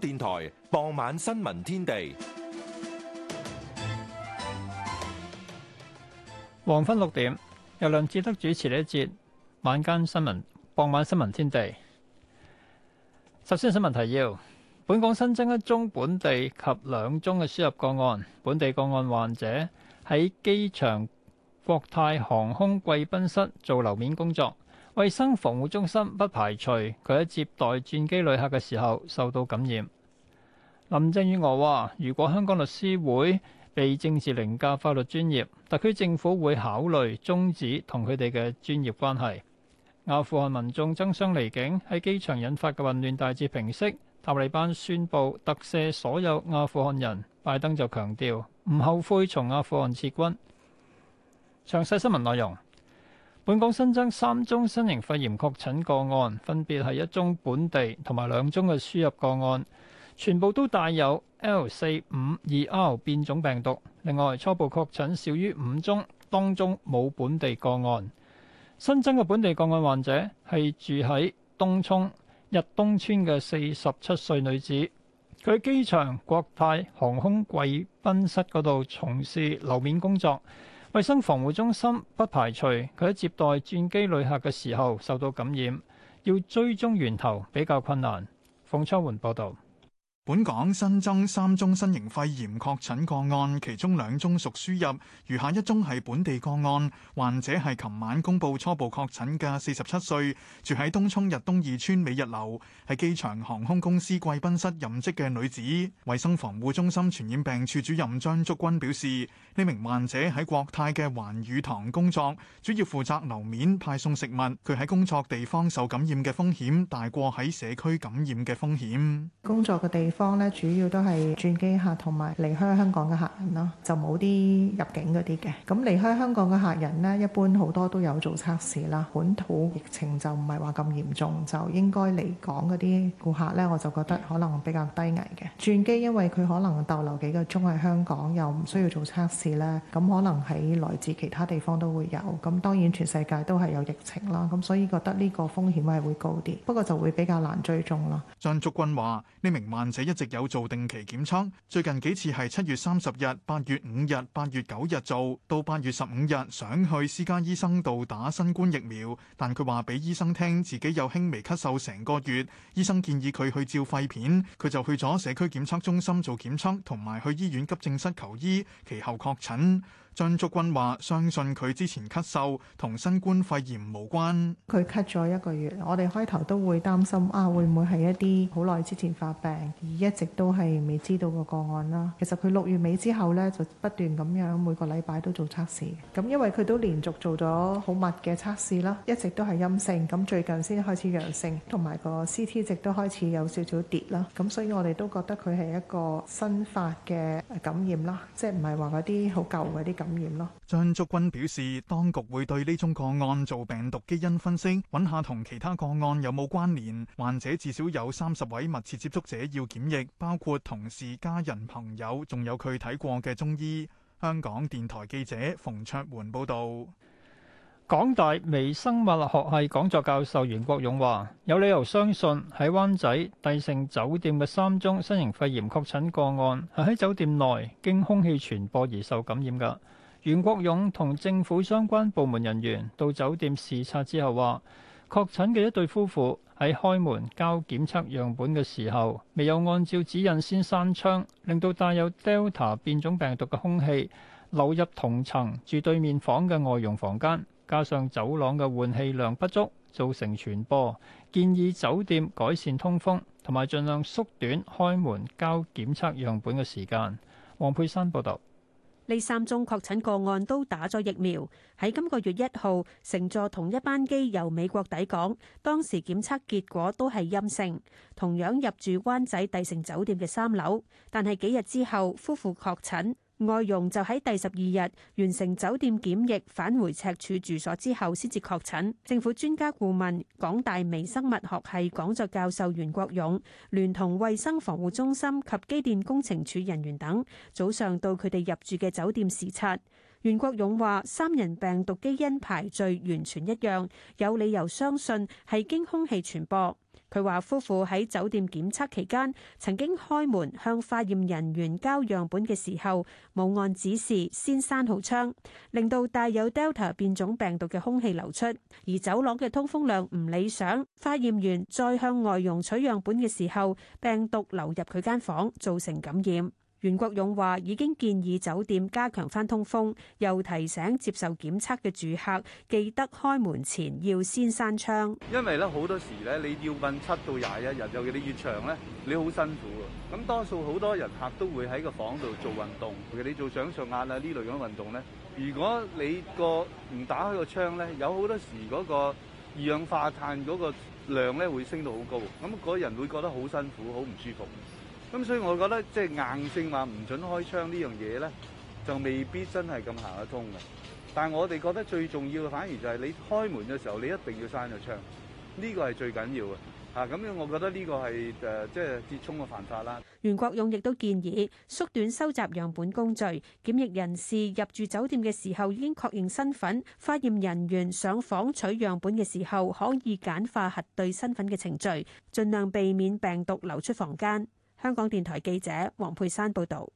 電台傍晚新聞天地，黃昏六點由梁智德主持呢一節晚間新聞，傍晚新聞天地。首先新聞提要：本港新增一宗本地及兩宗嘅輸入個案，本地個案患者喺機場國泰航空貴賓室做樓面工作。衛生防護中心不排除佢喺接待轉機旅客嘅時候受到感染。林鄭月娥話：如果香港律師會被政治凌駕法律專業，特區政府會考慮終止同佢哋嘅專業關係。阿富汗民眾爭相離境喺機場引發嘅混亂大致平息。塔利班宣佈特赦所有阿富汗人。拜登就強調唔後悔從阿富汗撤軍。詳細新聞內容。本港新增三宗新型肺炎確診個案，分別係一宗本地同埋兩宗嘅輸入個案，全部都帶有 L 四五二 R 變種病毒。另外，初步確診少於五宗，當中冇本地個案。新增嘅本地個案患者係住喺東涌日東村嘅四十七歲女子，佢喺機場國泰航空貴賓室嗰度從事樓面工作。衛生防護中心不排除佢喺接待轉機旅客嘅時候受到感染，要追蹤源頭比較困難。馮初環報道，本港新增三宗新型肺炎確診個案，其中兩宗屬輸入，餘下一宗係本地個案。患者係琴晚公布初步確診嘅四十七歲，住喺東涌日東二村美日樓，係機場航空公司貴賓室任職嘅女子。衛生防護中心傳染病處主任張竹君表示。呢名患者喺國泰嘅環宇堂工作，主要負責樓面派送食物。佢喺工作地方受感染嘅風險大過喺社區感染嘅風險。工作嘅地方咧，主要都係轉機客同埋離開香港嘅客人咯，就冇啲入境嗰啲嘅。咁離開香港嘅客人咧，一般好多都有做測試啦。本土疫情就唔係話咁嚴重，就應該嚟港嗰啲顧客咧，我就覺得可能比較低危嘅轉機，因為佢可能逗留幾個鐘喺香港，又唔需要做測試。咧，咁可能喺來自其他地方都會有，咁當然全世界都係有疫情啦，咁所以覺得呢個風險係會高啲，不過就會比較難追蹤啦。張竹君話：呢名患者一直有做定期檢測，最近幾次係七月三十日、八月五日、八月九日做，到八月十五日想去私家醫生度打新冠疫苗，但佢話俾醫生聽自己有輕微咳嗽成個月，醫生建議佢去照肺片，佢就去咗社區檢測中心做檢測，同埋去醫院急症室求醫，其後確。陳。張竹君話：相信佢之前咳嗽同新冠肺炎無關。佢咳咗一個月，我哋開頭都會擔心啊，會唔會係一啲好耐之前發病而一直都係未知道個個案啦？其實佢六月尾之後咧，就不斷咁樣每個禮拜都做測試。咁因為佢都連續做咗好密嘅測試啦，一直都係陰性，咁最近先開始陽性，同埋個 CT 值都開始有少少跌啦。咁所以我哋都覺得佢係一個新發嘅感染啦，即係唔係話嗰啲好舊嗰啲感。張竹君表示，當局會對呢宗個案做病毒基因分析，揾下同其他個案有冇關聯。患者至少有三十位密切接觸者要檢疫，包括同事、家人、朋友，仲有佢睇過嘅中醫。香港電台記者馮卓媛報導。港大微生物學系講座教授袁國勇話：有理由相信喺灣仔帝盛酒店嘅三宗新型肺炎確診個案係喺酒店內經空氣傳播而受感染㗎。袁國勇同政府相關部門人員到酒店視察之後話，確診嘅一對夫婦喺開門交檢測樣本嘅時候，未有按照指引先閂窗，令到帶有 Delta 變種病毒嘅空氣流入同層住對面房嘅外傭房間，加上走廊嘅換氣量不足，造成傳播。建議酒店改善通風同埋盡量縮短開門交檢測樣本嘅時間，黃佩珊報道。呢三宗確診個案都打咗疫苗，喺今個月一號乘坐同一班機由美國抵港，當時檢測結果都係陰性，同樣入住灣仔帝盛酒店嘅三樓，但係幾日之後夫婦確診。外傭就喺第十二日完成酒店檢疫，返回赤柱住所之後，先至確診。政府專家顧問、港大微生物學系講座教授袁國勇，聯同衛生防護中心及機電工程署人員等，早上到佢哋入住嘅酒店視察。袁國勇話：三人病毒基因排序完全一樣，有理由相信係經空氣傳播。佢話：夫婦喺酒店檢測期間，曾經開門向化驗人員交樣本嘅時候，冇按指示先閂好窗，令到帶有 Delta 變種病毒嘅空氣流出，而走廊嘅通風量唔理想。化驗員再向外用取樣本嘅時候，病毒流入佢間房，造成感染。袁國勇話：已經建議酒店加強翻通風，又提醒接受檢測嘅住客記得開門前要先閂窗。因為咧好多時咧你要瞓七到廿一日，尤其你越長咧，你好辛苦。咁多數好多人客人都會喺個房度做運動，尤其你做掌上壓啊呢類咁嘅運動咧。如果你個唔打開個窗咧，有好多時嗰個二氧化碳嗰個量咧會升到好高，咁嗰人會覺得好辛苦，好唔舒服。咁所以，我覺得即係硬性話唔準開窗呢樣嘢咧，就未必真係咁行得通嘅。但係我哋覺得最重要嘅，反而就係你開門嘅時候，你一定要閂咗窗，呢個係最緊要嘅啊。咁樣，我覺得呢個係誒即係折衝嘅犯法啦。袁國勇亦都建議縮短收集樣本工序，檢疫人士入住酒店嘅時候已經確認身份，化驗人員上房取樣本嘅時候可以簡化核對身份嘅程序，盡量避免病毒流出房間。香港電台記者黃佩珊報道，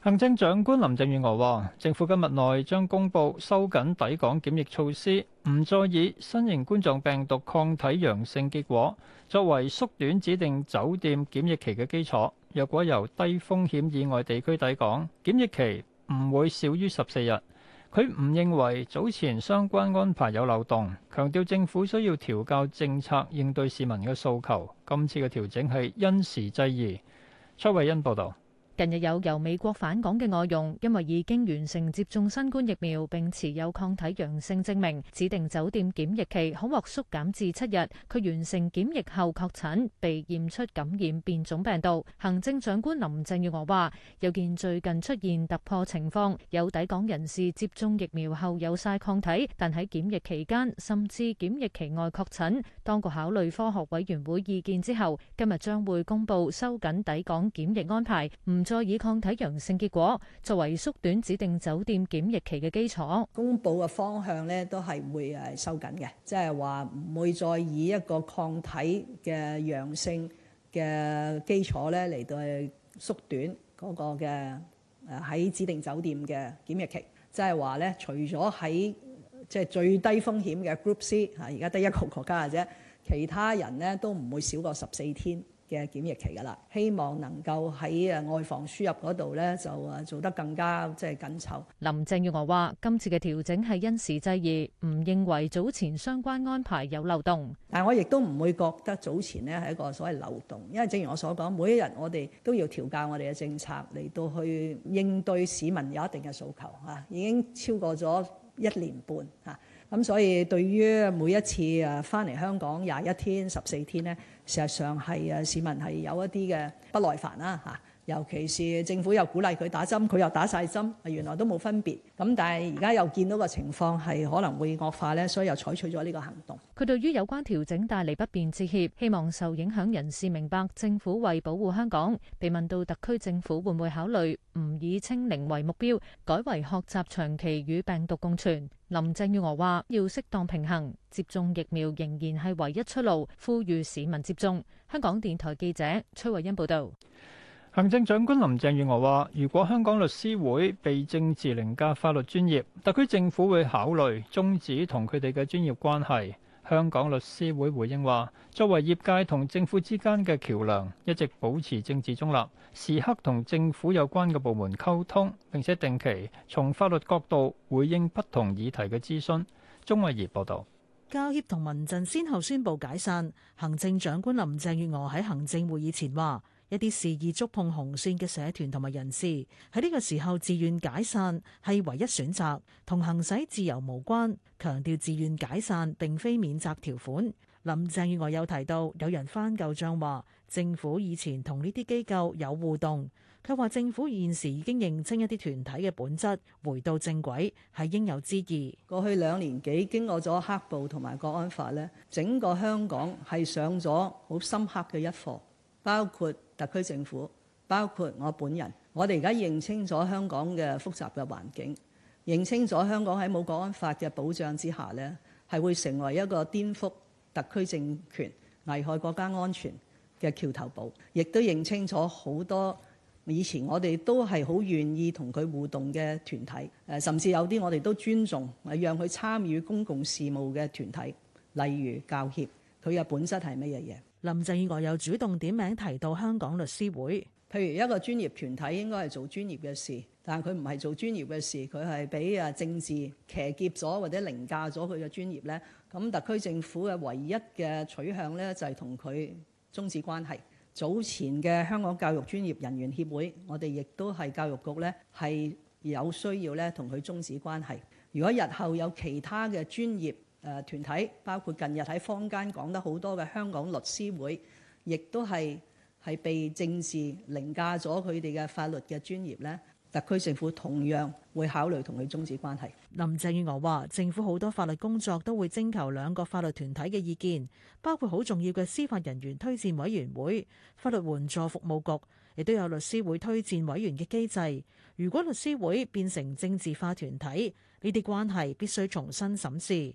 行政長官林鄭月娥話，政府今日內將公布收緊抵港檢疫措施，唔再以新型冠狀病毒抗體陽性結果作為縮短指定酒店檢疫期嘅基礎。若果由低風險以外地區抵港，檢疫期唔會少於十四日。佢唔認為早前相關安排有漏洞，強調政府需要調校政策應對市民嘅訴求。今次嘅調整係因時制宜。崔慧欣報導。近日有由美國返港嘅外傭，因為已經完成接種新冠疫苗，並持有抗體陽性證明，指定酒店檢疫期可獲縮減至七日。佢完成檢疫後確診，被驗出感染變種病毒。行政長官林鄭月娥話，又見最近出現突破情況，有抵港人士接種疫苗後有晒抗體，但喺檢疫期間甚至檢疫期外確診，當局考慮科學委員會意見之後，今日將會公布收緊抵港檢疫安排。唔。再以抗體陽性結果作為縮短指定酒店檢疫期嘅基礎，公佈嘅方向咧都係會誒收緊嘅，即係話唔會再以一個抗體嘅陽性嘅基礎咧嚟到縮短嗰個嘅誒喺指定酒店嘅檢疫期，即係話咧除咗喺即係最低風險嘅 Group C 啊，而家得一個國家嘅啫，其他人咧都唔會少過十四天。嘅檢疫期㗎啦，希望能夠喺啊外防輸入嗰度咧就啊做得更加即係緊湊。林鄭月娥話：今次嘅調整係因時制宜，唔認為早前相關安排有漏洞。但我亦都唔會覺得早前呢係一個所謂漏洞，因為正如我所講，每一日我哋都要調教我哋嘅政策嚟到去應對市民有一定嘅訴求嚇、啊，已經超過咗一年半嚇，咁、啊、所以對於每一次啊翻嚟香港廿一天、十四天呢。事實上係誒市民係有一啲嘅不耐煩啦嚇，尤其是政府又鼓勵佢打針，佢又打晒針，原來都冇分別。咁但係而家又見到個情況係可能會惡化咧，所以又採取咗呢個行動。佢對於有關調整帶嚟不便致歉，希望受影響人士明白政府為保護香港。被問到特區政府會唔會考慮唔以清零為目標，改為學習長期與病毒共存？林鄭月娥話：要適當平衡，接種疫苗仍然係唯一出路，呼籲市民接種。香港電台記者崔慧欣報道。行政長官林鄭月娥話：如果香港律師會被政治凌駕法律專業，特區政府會考慮終止同佢哋嘅專業關係。香港律師會回應話：作為業界同政府之間嘅橋梁，一直保持政治中立，時刻同政府有關嘅部門溝通，並且定期從法律角度回應不同議題嘅諮詢。鐘慧儀報道，教協同民陣先後宣布解散。行政長官林鄭月娥喺行政會議前話。一啲肆意觸碰紅線嘅社團同埋人士喺呢個時候自願解散係唯一選擇，同行使自由無關。強調自願解散並非免責條款。林鄭月娥有提到，有人翻舊帳話政府以前同呢啲機構有互動，佢話政府現時已經認清一啲團體嘅本質，回到正軌係應有之義。過去兩年幾經過咗黑暴同埋國安法呢，整個香港係上咗好深刻嘅一課，包括。特區政府包括我本人，我哋而家認清咗香港嘅複雜嘅環境，認清咗香港喺冇國安法嘅保障之下呢係會成為一個顛覆特區政權、危害國家安全嘅橋頭堡。亦都認清楚好多以前我哋都係好願意同佢互動嘅團體，誒，甚至有啲我哋都尊重，係讓佢參與公共事務嘅團體，例如教協，佢嘅本質係乜嘢嘢？林鄭月娥又主動點名提到香港律師會，譬如一個專業團體應該係做專業嘅事，但係佢唔係做專業嘅事，佢係俾啊政治騎劫咗或者凌駕咗佢嘅專業呢。咁特區政府嘅唯一嘅取向呢，就係同佢終止關係。早前嘅香港教育專業人員協會，我哋亦都係教育局呢，係有需要咧同佢終止關係。如果日後有其他嘅專業，誒團體包括近日喺坊間講得好多嘅香港律師會，亦都係係被政治凌駕咗佢哋嘅法律嘅專業呢，特區政府同樣會考慮同佢終止關係。林鄭月娥話：政府好多法律工作都會徵求兩個法律團體嘅意見，包括好重要嘅司法人員推薦委員會、法律援助服務局，亦都有律師會推薦委員嘅機制。如果律師會變成政治化團體，呢啲關係必須重新審視。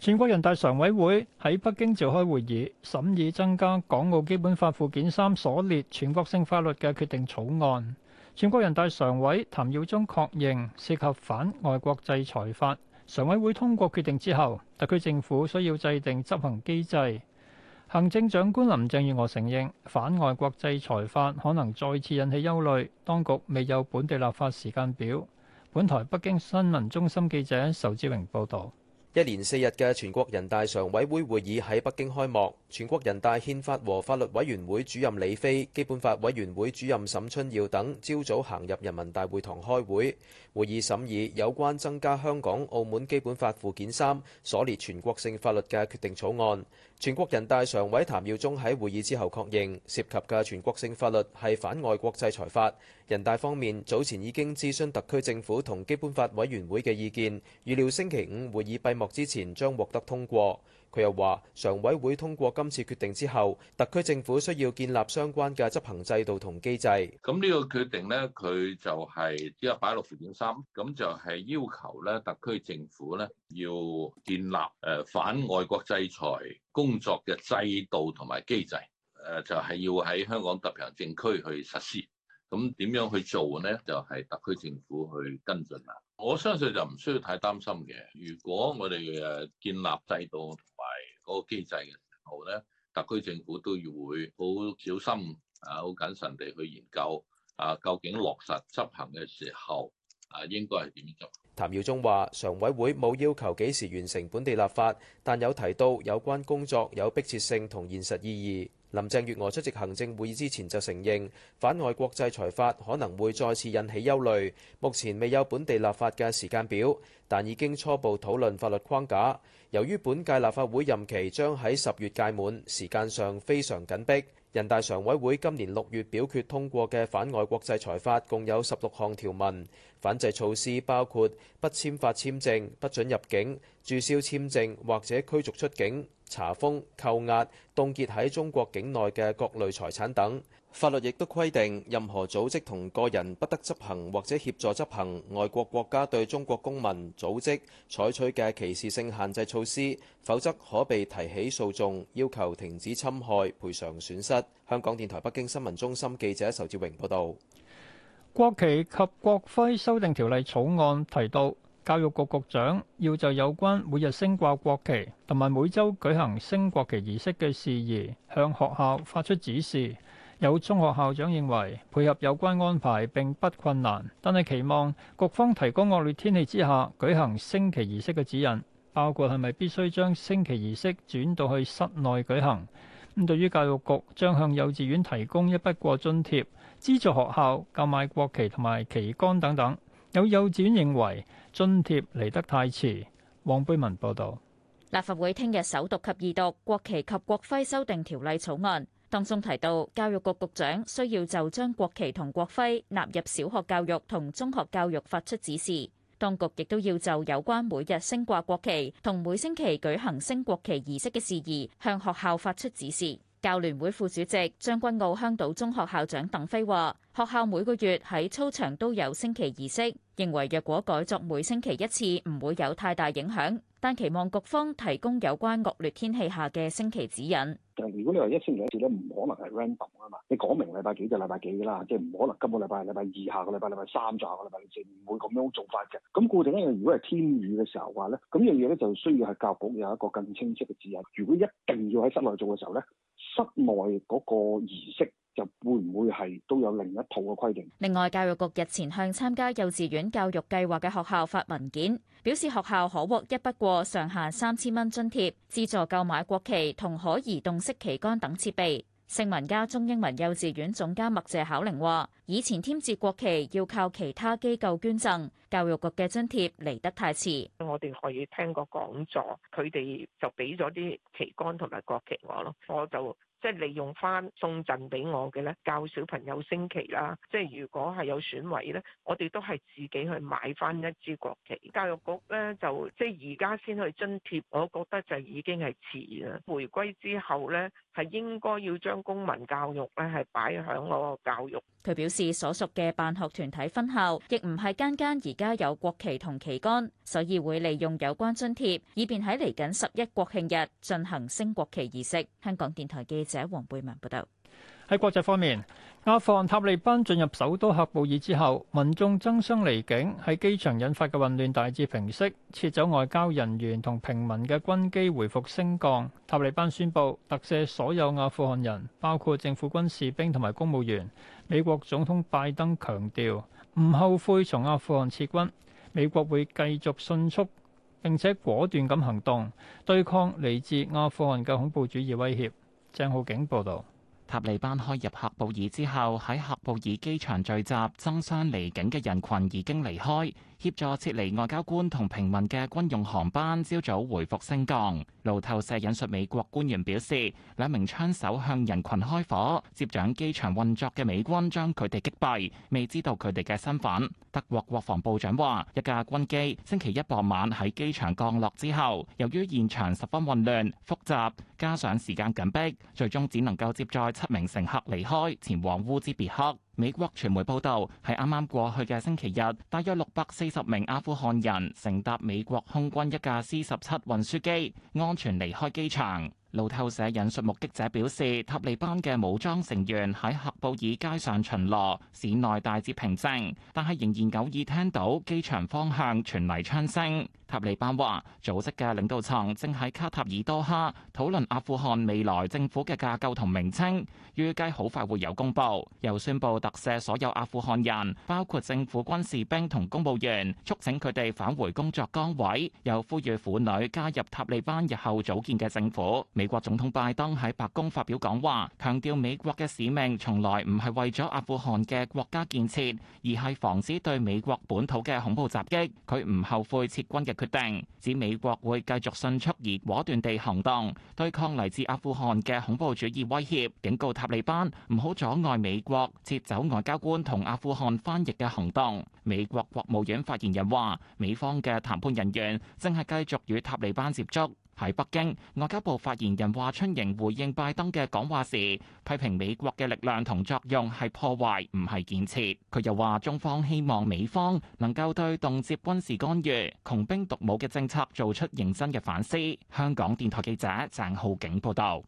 全國人大常委會喺北京召開會議，審議增加港澳基本法附件三所列全國性法律嘅決定草案。全國人大常委譚耀宗確認涉及反外國制裁法。常委會通過決定之後，特區政府需要制定執行機制。行政長官林鄭月娥承認,反外國制裁法可能再次引起憂慮,當局未有本地立法時間表。本台北京新聞中心記者仇志榮報道。一連四日嘅全國人大常委會會議喺北京開幕，全國人大憲法和法律委員會主任李飛、基本法委員會主任沈春耀等朝早行入人民大會堂開會。會議審議有關增加香港澳門基本法附件三所列全國性法律嘅決定草案。全國人大常委譚耀宗喺會議之後確認涉及嘅全國性法律係反外國制裁法。人大方面早前已經諮詢特區政府同基本法委員會嘅意見，預料星期五會議閉幕之前將獲得通過。佢又話，常委會通過今次決定之後，特區政府需要建立相關嘅執行制度同機制。咁呢個決定呢，佢就係即係擺附件三，咁就係要求咧，特區政府咧要建立誒反外國制裁工作嘅制度同埋機制，誒，就係、是、要喺香港特別行政區去實施。咁點樣去做呢？就係特區政府去跟進啦。我相信就唔需要太擔心嘅。如果我哋誒建立制度同埋嗰個機制嘅時候咧，特區政府都要會好小心啊，好謹慎地去研究啊，究竟落實執行嘅時候啊，應該係點做？譚耀宗話，常委會冇要求幾時完成本地立法，但有提到有關工作有迫切性同現實意義。林鄭月娥出席行政會議之前就承認反外國制裁法可能會再次引起憂慮，目前未有本地立法嘅時間表，但已經初步討論法律框架。由於本屆立法會任期將喺十月屆滿，時間上非常緊迫。人大常委會今年六月表決通過嘅反外國制裁法共有十六項條文，反制措施包括不簽發簽證、不准入境、註銷簽證或者驅逐出境、查封、扣押、凍結喺中國境內嘅各類財產等。法律亦都規定，任何組織同個人不得執行或者協助執行外國國家對中國公民組織採取嘅歧視性限制措施，否則可被提起訴訟，要求停止侵害、賠償損失。香港電台北京新聞中心記者仇志榮報道。國旗及國徽修訂條例草案提到，教育局局長要就有關每日升掛國旗同埋每週舉行升國旗儀式嘅事宜，向學校發出指示。有中學校長認為配合有關安排並不困難，但係期望局方提供惡劣天氣之下舉行升旗儀式嘅指引，包括係咪必須將升旗儀式轉到去室內舉行。咁、嗯、對於教育局將向幼稚園提供一筆過津貼資助學校購買國旗同埋旗杆等等，有幼稚園認為津貼嚟得太遲。黃貝文報導，立法會聽日首讀及二讀國旗及國徽修訂條例草案。當中提到，教育局局長需要就將國旗同國徽納入小學教育同中學教育發出指示。當局亦都要就有關每日升掛國旗同每星期舉行升國旗儀式嘅事宜，向學校發出指示。教聯會副主席將軍澳香島中學校長鄧飛話：學校每個月喺操場都有升旗儀式，認為若果改作每星期一次，唔會有太大影響，但期望局方提供有關惡劣天氣下嘅升旗指引。如果你話一星期一次咧，唔可能係 random 啦嘛。你講明禮拜幾就禮拜幾嘅啦，即係唔可能今個禮拜禮拜二，下個禮拜禮拜三，再下個禮拜四，唔會咁樣做法嘅。咁固定一樣，如果係天雨嘅時候話咧，咁呢樣嘢咧就需要係教育局有一個更清晰嘅指引。如果一定要喺室內做嘅時候咧，室內嗰個儀式，就會唔會，係都有另一套嘅規定？另外，教育局日前向參加幼稚園教育計劃嘅學校發文件，表示學校可獲一筆過上限三千蚊津貼，資助購買國旗同可移動式旗杆等設備。聖文家中英文幼稚園總監麥謝巧玲話，以前添置國旗要靠其他機構捐贈，教育局嘅津貼嚟得太遲，我哋可以聽過講座，佢哋就俾咗啲旗杆同埋國旗我咯，我就。即係利用翻送贈俾我嘅咧，教小朋友升旗啦。即係如果係有損毀咧，我哋都係自己去買翻一支國旗。教育局咧就即係而家先去津貼，我覺得就已經係遲啦。回歸之後咧，係應該要將公民教育咧係擺響嗰個教育。佢表示，所屬嘅辦學團體分校亦唔係間間而家有國旗同旗杆，所以會利用有關津貼，以便喺嚟緊十一國慶日進行升國旗儀式。香港電台記者黃貝文報道。喺國際方面。阿富汗塔利班進入首都喀布爾之後，民眾爭相離境，喺機場引發嘅混亂大致平息，撤走外交人員同平民嘅軍機回復升降。塔利班宣布特赦所有阿富汗人，包括政府軍士兵同埋公務員。美國總統拜登強調唔後悔從阿富汗撤軍，美國會繼續迅速並且果斷咁行動，對抗嚟自阿富汗嘅恐怖主義威脅。鄭浩景報導。塔利班開入喀布爾之後，喺喀布爾機場聚集爭相離境嘅人群已經離開。協助撤離外交官同平民嘅軍用航班，朝早恢復升降。路透社引述美國官員表示，兩名槍手向人群開火，接掌機場運作嘅美軍將佢哋擊斃，未知道佢哋嘅身份。德國國防部長話：一架軍機星期一傍晚喺機場降落之後，由於現場十分混亂複雜，加上時間緊迫，最終只能夠接載七名乘客離開，前往烏茲別克。美國傳媒報導，喺啱啱過去嘅星期日，大約六百四十名阿富汗人乘搭美國空軍一架 C 十七運輸機，安全離開機場。路透社引述目擊者表示，塔利班嘅武裝成員喺喀布爾街上巡邏，市內大致平靜，但係仍然偶爾聽到機場方向傳嚟槍聲。塔利班話，組織嘅領導層正喺卡塔爾多哈討論阿富汗未來政府嘅架構同名稱，預計好快會有公佈。又宣布特赦所有阿富汗人，包括政府軍士兵同公務員，促請佢哋返回工作崗位。又呼籲婦女加入塔利班日後組建嘅政府。美國總統拜登喺白宮發表講話，強調美國嘅使命從來唔係為咗阿富汗嘅國家建設，而係防止對美國本土嘅恐怖襲擊。佢唔後悔撤軍嘅決定，指美國會繼續迅速而果斷地行動，對抗嚟自阿富汗嘅恐怖主義威脅，警告塔利班唔好阻礙美國撤走外交官同阿富汗翻譯嘅行動。美國國務院發言人話，美方嘅談判人員正係繼續與塔利班接觸。喺北京，外交部發言人華春瑩回應拜登嘅講話時，批評美國嘅力量同作用係破壞，唔係建設。佢又話中方希望美方能夠對動輒軍事干預、窮兵黷武嘅政策做出認真嘅反思。香港電台記者鄭浩景報道。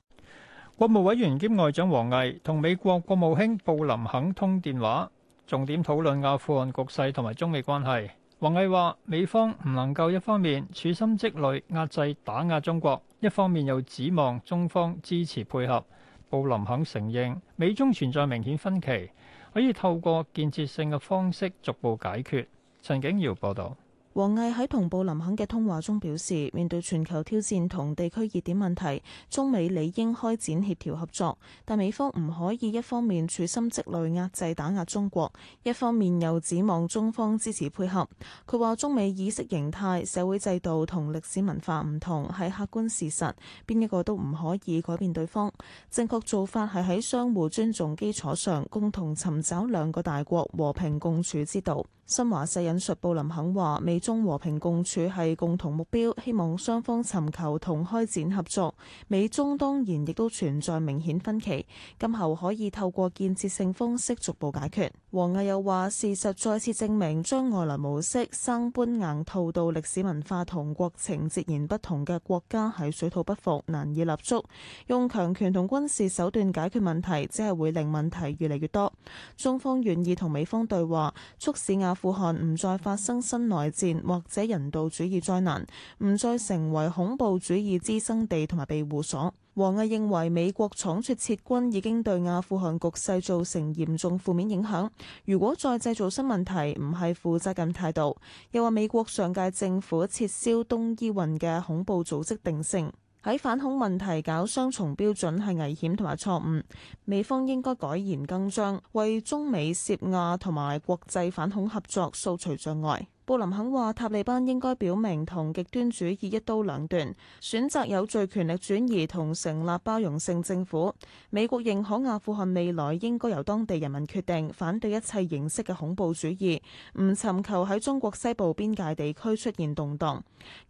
國務委員兼外長王毅同美國國務卿布林肯通電話，重點討論阿富汗局勢同埋中美關係。王毅話：美方唔能夠一方面處心積慮壓制打壓中國，一方面又指望中方支持配合。布林肯承認美中存在明顯分歧，可以透過建設性嘅方式逐步解決。陳景堯報道。王毅喺同布林肯嘅通話中表示，面對全球挑戰同地區熱點問題，中美理應開展協調合作，但美方唔可以一方面處心積慮壓制打壓中國，一方面又指望中方支持配合。佢話，中美意識形態、社會制度同歷史文化唔同係客觀事實，邊一個都唔可以改變對方。正確做法係喺相互尊重基礎上，共同尋找兩個大國和平共處之道。新華社引述布林肯話，美中和平共處係共同目標，希望雙方尋求同開展合作。美中當然亦都存在明顯分歧，今後可以透過建設性方式逐步解決。王毅又話事實再次證明，將外來模式生搬硬套到歷史文化同國情截然不同嘅國家係水土不服，難以立足。用強權同軍事手段解決問題只係會令問題越嚟越多。中方願意同美方對話促使亞富汗唔再發生新內戰或者人道主義災難，唔再成為恐怖主義滋生地同埋庇護所。王毅認為美國倉促撤軍已經對阿富汗局勢造成嚴重負面影響，如果再製造新問題，唔係負責任態度。又話美國上屆政府撤銷東伊運嘅恐怖組織定性。喺反恐問題搞雙重標準係危險同埋錯誤，美方應該改弦更張，為中美涉亞同埋國際反恐合作掃除障礙。布林肯話：塔利班應該表明同極端主義一刀兩斷，選擇有序權力轉移同成立包容性政府。美國認可阿富汗未來應該由當地人民決定，反對一切形式嘅恐怖主義，唔尋求喺中國西部邊界地區出現動盪。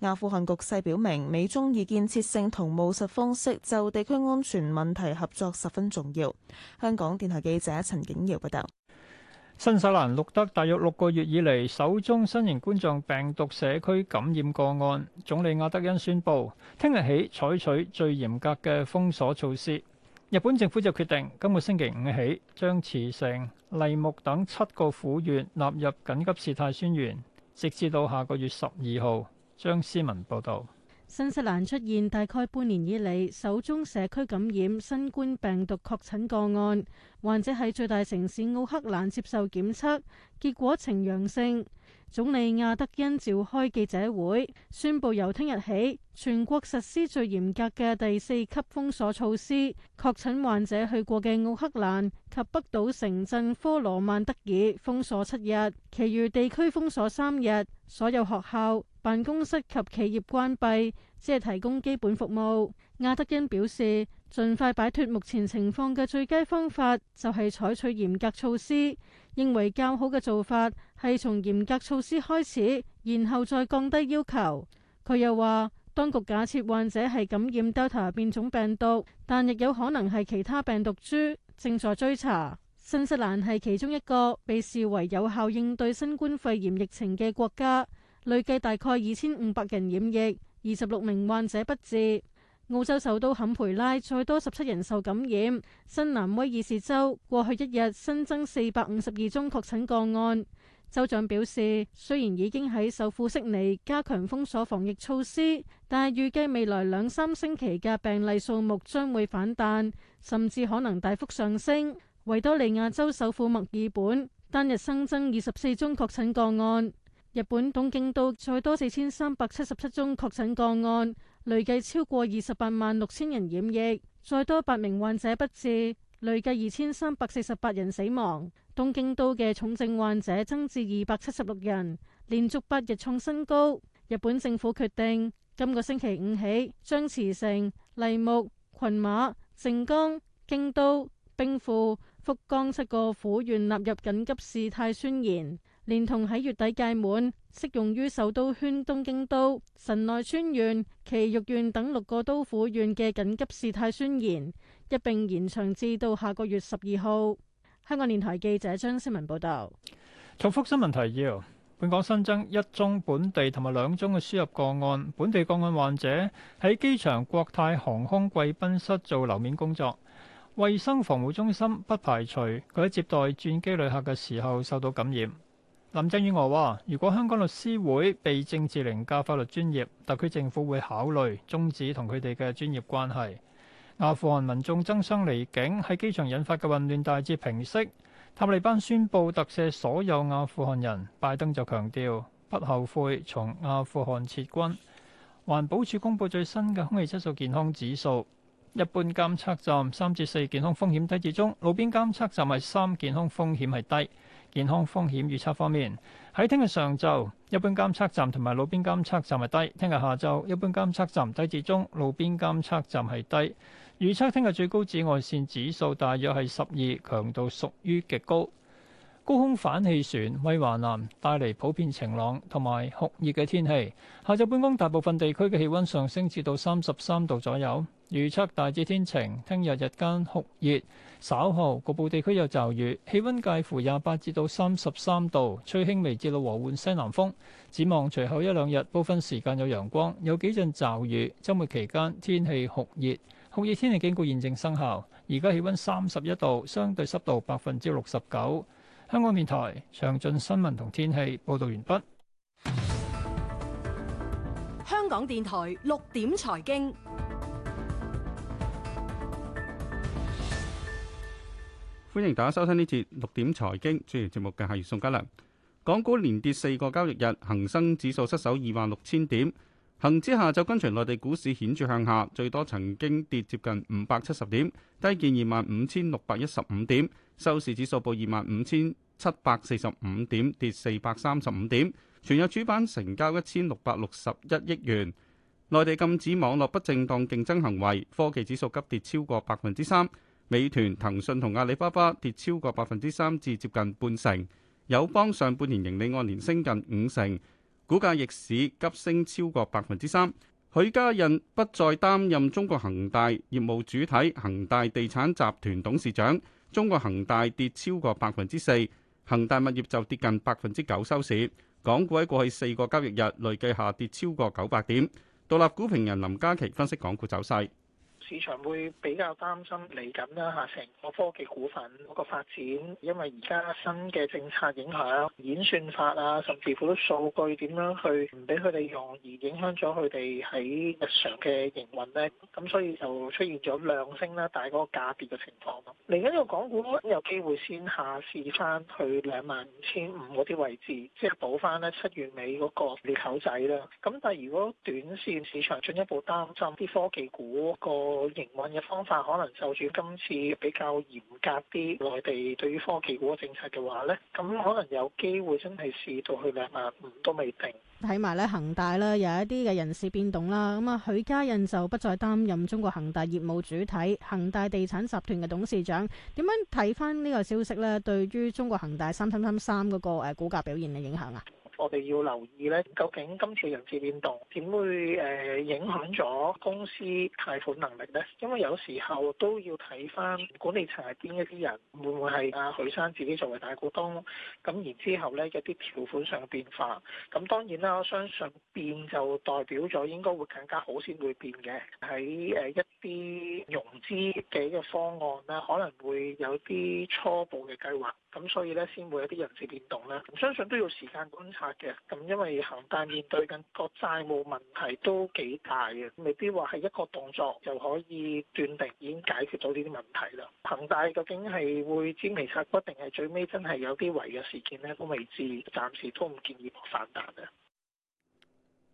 阿富汗局勢表明，美中以建設性同務實方式就地區安全問題合作十分重要。香港電台記者陳景瑤報道。新西蘭錄得大約六個月以嚟首宗新型冠狀病毒社區感染個案，總理阿德恩宣布，聽日起採取最嚴格嘅封鎖措施。日本政府就決定今個星期五起，將茨城、栃木等七個府縣納入緊急事態宣言，直至到下個月十二號。張思文報導。新西蘭出現大概半年以嚟首宗社區感染新冠病毒確診個案，患者喺最大城市奧克蘭接受檢測，結果呈陽性。總理亞德恩召開記者會，宣布由聽日起全國實施最嚴格嘅第四級封鎖措施，確診患者去過嘅奧克蘭及北島城鎮科羅曼德爾封鎖七日，其餘地區封鎖三日，所有學校辦公室及企業關閉，只係提供基本服務。阿德恩表示，盡快擺脫目前情況嘅最佳方法就係採取嚴格措施。認為較好嘅做法係從嚴格措施開始，然後再降低要求。佢又話，當局假設患者係感染 Delta 變種病毒，但亦有可能係其他病毒株，正在追查。新西蘭係其中一個被視為有效應對新冠肺炎疫情嘅國家。累計大概二千五百人染疫，二十六名患者不治。澳洲首都坎培拉再多十七人受感染。新南威爾士州過去一日新增四百五十二宗確診個案。州長表示，雖然已經喺首府悉尼加強封鎖防疫措施，但係預計未來兩三星期嘅病例數目將會反彈，甚至可能大幅上升。維多利亞州首府墨爾本單日新增二十四宗確診個案。日本東京都再多四千三百七十七宗確診個案，累計超過二十八萬六千人染疫，再多八名患者不治，累計二千三百四十八人死亡。東京都嘅重症患者增至二百七十六人，連續八日創新高。日本政府決定今個星期五起，將茨城、櫪木、群馬、靜岡、京都、兵庫、福岡七個府縣納入緊急事態宣言。連同喺月底屆滿，適用於首都圈、東京都、神奈川縣、埼玉縣等六個都府縣嘅緊急事態宣言一並延長至到下個月十二號。香港電台記者張思文報道。重複新聞提要：本港新增一宗本地同埋兩宗嘅輸入個案。本地個案患者喺機場國泰航空貴賓室做樓面工作，衞生防護中心不排除佢喺接待轉機旅客嘅時候受到感染。林鄭月娥話：如果香港律師會被政治凌駕法律專業，特區政府會考慮終止同佢哋嘅專業關係。阿富汗民眾爭相離境，喺機場引發嘅混亂大致平息。塔利班宣布特赦所有阿富汗人，拜登就強調不後悔從阿富汗撤軍。環保署公布最新嘅空氣質素健康指數，一般監測站，三至四，健康風險低至中，路邊監測站係三，健康風險係低。健康風險預測方面，喺聽日上晝一般監測站同埋路邊監測站係低；聽日下晝一般監測站低至中，路邊監測站係低。預測聽日最高紫外線指數大約係十二，強度屬於極高。高空反氣旋為華南帶嚟普遍晴朗同埋酷熱嘅天氣，下晝本港大部分地區嘅氣溫上升至到三十三度左右。預測大致天晴，聽日日間酷熱。稍後局部地區有驟雨，氣溫介乎廿八至到三十三度，吹輕微至到和緩西南風。展望隨後一兩日，部分時間有陽光，有幾陣驟雨。週末期間天氣酷熱，酷熱天氣警告現正生效。而家氣溫三十一度，相對濕度百分之六十九。香港電台詳盡新聞同天氣報道完畢。香港電台六點財經。歡迎大家收聽呢節六點財經，主持節目嘅係宋家良。港股連跌四個交易日，恒生指數失守二萬六千點。恒指下晝跟隨內地股市顯著向下，最多曾經跌接近五百七十點，低見二萬五千六百一十五點，收市指數報二萬五千七百四十五點，跌四百三十五點，全日主板成交一千六百六十一億元。內地禁止網絡不正當競爭行為，科技指數急跌超過百分之三。美團、騰訊同阿里巴巴跌超過百分之三至接近半成，友邦上半年盈利按年升近五成，股價逆市急升超過百分之三。許家印不再擔任中國恒大業務主體恒大地產集團董事長，中國恒大跌超過百分之四，恒大物業就跌近百分之九收市。港股喺過去四個交易日累計下跌超過九百點。獨立股評人林嘉琪分析港股走勢。市場會比較擔心嚟緊啦，成個科技股份嗰個發展，因為而家新嘅政策影響演算法啊，甚至乎啲數據點樣去唔俾佢哋用，而影響咗佢哋喺日常嘅營運咧。咁所以就出現咗量升啦，但係嗰個價跌嘅情況咯。嚟緊個港股有機會先下試翻去兩萬五千五嗰啲位置，即係補翻咧七月尾嗰個裂口仔啦。咁但係如果短線市場進一步擔心啲科技股嗰個，營運嘅方法可能受住今次比較嚴格啲內地對於科技股嘅政策嘅話呢，咁可能有機會真係試到去兩萬五都未定。睇埋咧恒大，呢有一啲嘅人事變動啦，咁啊許家印就不再擔任中國恒大業務主體恒大地產集團嘅董事長。點樣睇翻呢個消息呢？對於中國恒大三三三三嗰個誒股價表現嘅影響啊？我哋要留意呢，究竟今次人事變動點會、誒、呃、影響咗公司貸款能力呢？因為有時候都要睇返管理層係邊一啲人，會唔會係阿、啊、許生自己作為大股東？咁然之後呢，一啲條款上嘅變化，咁當然啦，我相信變就代表咗應該會更加好先會變嘅。喺誒一啲融資嘅嘅方案呢，可能會有啲初步嘅計劃。咁所以咧，先會有啲人事變動啦。我相信都要時間觀察嘅。咁因為恒大面對緊個債務問題都幾大嘅，未必話係一個動作就可以斷定已經解決到呢啲問題啦。恒大究竟係會煎皮拆骨，定係最尾真係有啲違約事件呢？都未知，暫時都唔建議我反彈啊。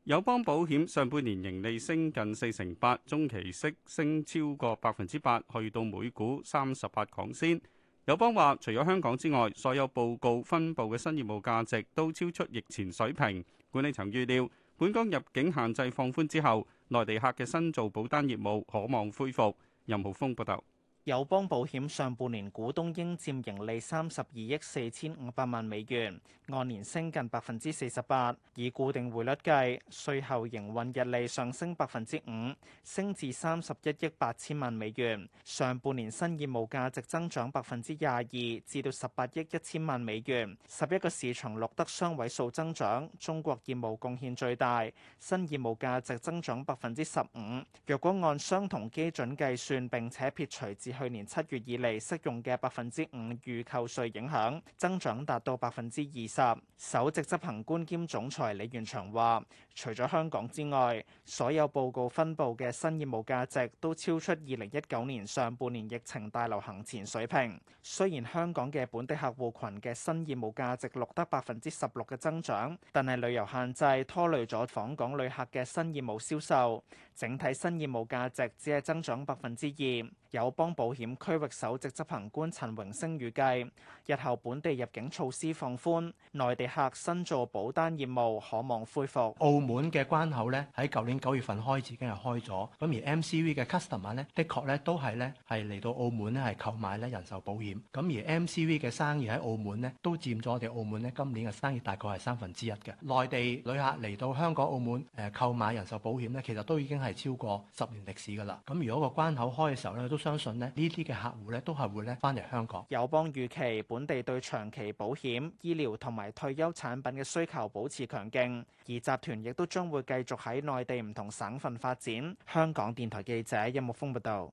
友邦保險上半年盈利升近四成八，中期息升超過百分之八，去到每股三十八港仙。友邦話：除咗香港之外，所有報告分佈嘅新業務價值都超出疫前水平。管理層預料，本港入境限制放寬之後，內地客嘅新造保單業務可望恢復。任浩峰報道。友邦保險上半年股東應佔盈利三十二億四千五百萬美元，按年升近百分之四十八。以固定匯率計，稅後營運日利上升百分之五，升至三十一億八千萬美元。上半年新業務價值增長百分之廿二，至到十八億一千萬美元。十一個市場錄得雙位數增長，中國業務貢獻最大，新業務價值增長百分之十五。若果按相同基準計算，並且撇除自去年七月以嚟適用嘅百分之五預扣稅影響，增長達到百分之二十。首席執行官兼總裁李源祥話，除咗香港之外，所有報告分佈嘅新業務價值都超出二零一九年上半年疫情大流行前水平。雖然香港嘅本地客戶群嘅新業務價值錄得百分之十六嘅增長，但係旅遊限制拖累咗訪港旅客嘅新業務銷售。整體新業務價值只係增長百分之二。友邦保險區域首席執行官陳榮升預計，日後本地入境措施放寬，內地客新做保單業務可望恢復。澳門嘅關口咧，喺舊年九月份開始已經係開咗。咁而 MCV 嘅 customer 咧，的確咧都係咧係嚟到澳門咧係購買咧人壽保險，咁而 MCV 嘅生意喺澳門咧，都佔咗我哋澳門咧今年嘅生意大概係三分之一嘅。內地旅客嚟到香港、澳門誒、呃、購買人壽保險咧，其實都已經係，係超過十年歷史噶啦。咁如果個關口開嘅時候咧，都相信咧呢啲嘅客戶咧都係會咧翻嚟香港。友邦預期本地對長期保險、醫療同埋退休產品嘅需求保持強勁，而集團亦都將會繼續喺內地唔同省份發展。香港電台記者任木峰報道。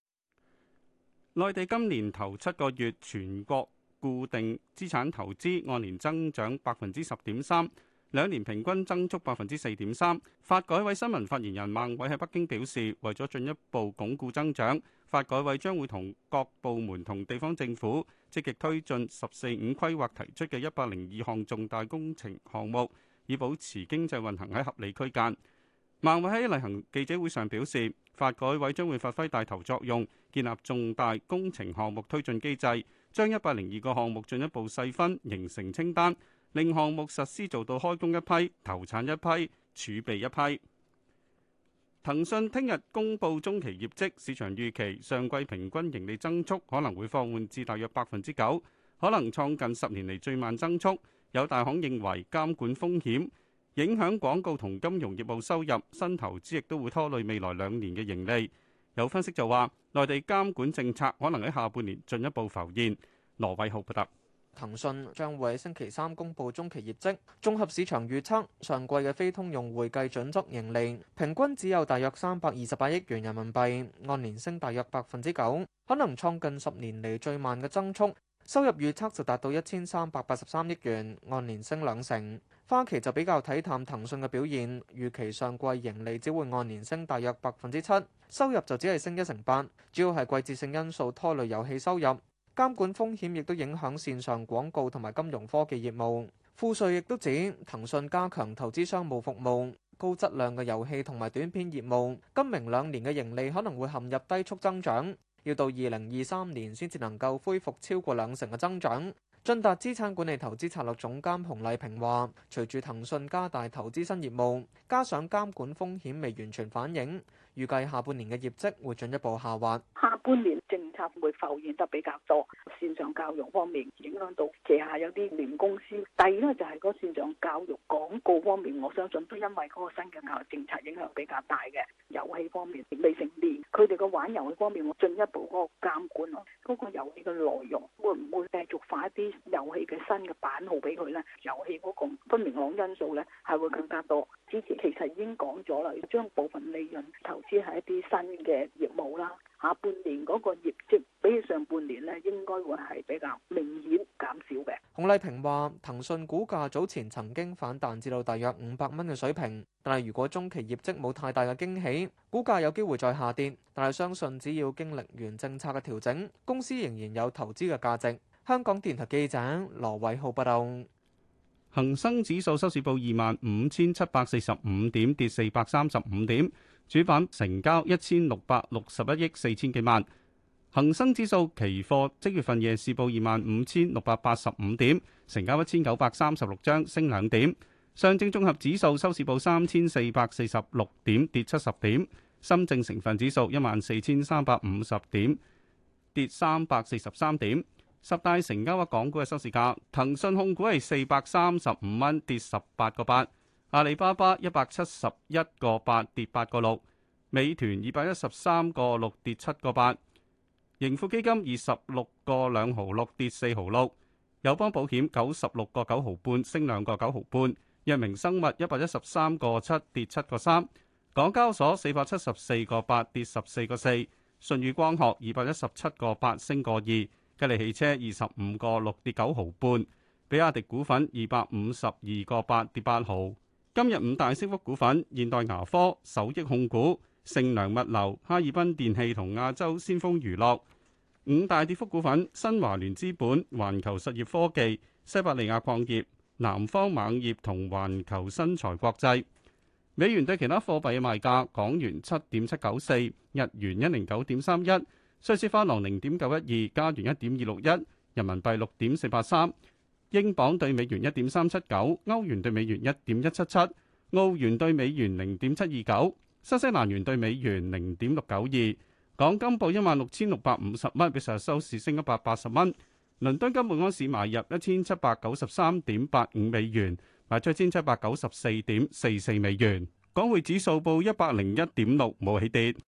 內地今年頭七個月全國固定資產投資按年增長百分之十點三。兩年平均增速百分之四點三。發改委新聞發言人孟偉喺北京表示，為咗進一步鞏固增長，發改委將會同各部門同地方政府積極推進「十四五」規劃提出嘅一百零二項重大工程項目，以保持經濟運行喺合理區間。孟偉喺例行記者會上表示，發改委將會發揮帶頭作用，建立重大工程項目推進機制，將一百零二個項目進一步細分，形成清單。令項目實施做到開工一批、投產一批、儲備一批。騰訊聽日公布中期業績，市場預期上季平均盈利增速可能會放緩至大約百分之九，可能創近十年嚟最慢增速。有大行認為監管風險影響廣告同金融業務收入，新投資亦都會拖累未來兩年嘅盈利。有分析就話，內地監管政策可能喺下半年進一步浮現。羅偉浩報道。騰訊將會喺星期三公布中期業績，綜合市場預測，上季嘅非通用會計準則盈利平均只有大約三百二十八億元人民幣，按年升大約百分之九，可能創近十年嚟最慢嘅增速。收入預測就達到一千三百八十三億元，按年升兩成。花旗就比較睇淡騰訊嘅表現，預期上季盈利只會按年升大約百分之七，收入就只係升一成八，主要係季節性因素拖累遊戲收入。監管風險亦都影響線上廣告同埋金融科技業務，富瑞亦都指，騰訊加強投資商務服務高質量嘅遊戲同埋短片業務，今明兩年嘅盈利可能會陷入低速增長，要到二零二三年先至能夠恢復超過兩成嘅增長。駿達資產管理投資策略總監洪麗萍話，隨住騰訊加大投資新業務，加上監管風險未完全反映，預計下半年嘅業績會進一步下滑。觀念政策會浮現得比較多，線上教育方面影響到旗下有啲聯公司。第二呢，就係嗰線上教育廣告方面，我相信都因為嗰個新嘅教育政策影響比較大嘅。遊戲方面，未成年佢哋個玩遊戲方面，我進一步嗰個監管，嗰個遊戲嘅內容會唔會繼續發一啲遊戲嘅新嘅版號俾佢呢？遊戲嗰個不明朗因素呢，係會更加多。之前其實已經講咗啦，要將部分利潤投資喺一啲新嘅業務啦。下半年嗰個業績比起上半年咧，應該會係比較明顯減少嘅。洪麗平話：騰訊股價早前曾經反彈至到大約五百蚊嘅水平，但係如果中期業績冇太大嘅驚喜，股價有機會再下跌。但係相信只要經歷完政策嘅調整，公司仍然有投資嘅價值。香港電台記者羅偉浩報道。恆生指數收市報二萬五千七百四十五點，跌四百三十五點。主板成交一千六百六十一億四千幾萬，恒生指數期貨即月份夜市報二萬五千六百八十五點，成交一千九百三十六張，升兩點。上證綜合指數收市報三千四百四十六點，跌七十點。深證成分指數一萬四千三百五十點，跌三百四十三點。十大成交額港股嘅收市價，騰訊控股係四百三十五蚊，跌十八個八。阿里巴巴一百七十一個八跌八個六，美團二百一十三個六跌七個八，盈富基金二十六個兩毫六跌四毫六，友邦保險九十六個九毫半升兩個九毫半，藥明生物一百一十三個七跌七個三，港交所四百七十四個八跌十四個四，舜宇光學二百一十七個八升個二，吉利汽車二十五個六跌九毫半，比亞迪股份二百五十二個八跌八毫。今日五大升幅股份：現代牙科、首益控股、盛良物流、哈爾濱電器同亞洲先鋒娛樂。五大跌幅股份：新華聯資本、環球實業科技、西伯利亞礦業、南方猛業同環球新材國際。美元對其他貨幣嘅賣價：港元七點七九四，日元一零九點三一，瑞士法郎零點九一二，加元一點二六一，人民幣六點四八三。英鎊兌美元一點三七九，歐元兌美元一點一七七，澳元兌美元零點七二九，新西蘭元兌美元零點六九二。港金報一萬六千六百五十蚊，比上日收市升一百八十蚊。倫敦金本安士買入一千七百九十三點八五美元，賣出一千七百九十四點四四美元。港匯指數報一百零一點六，冇起跌。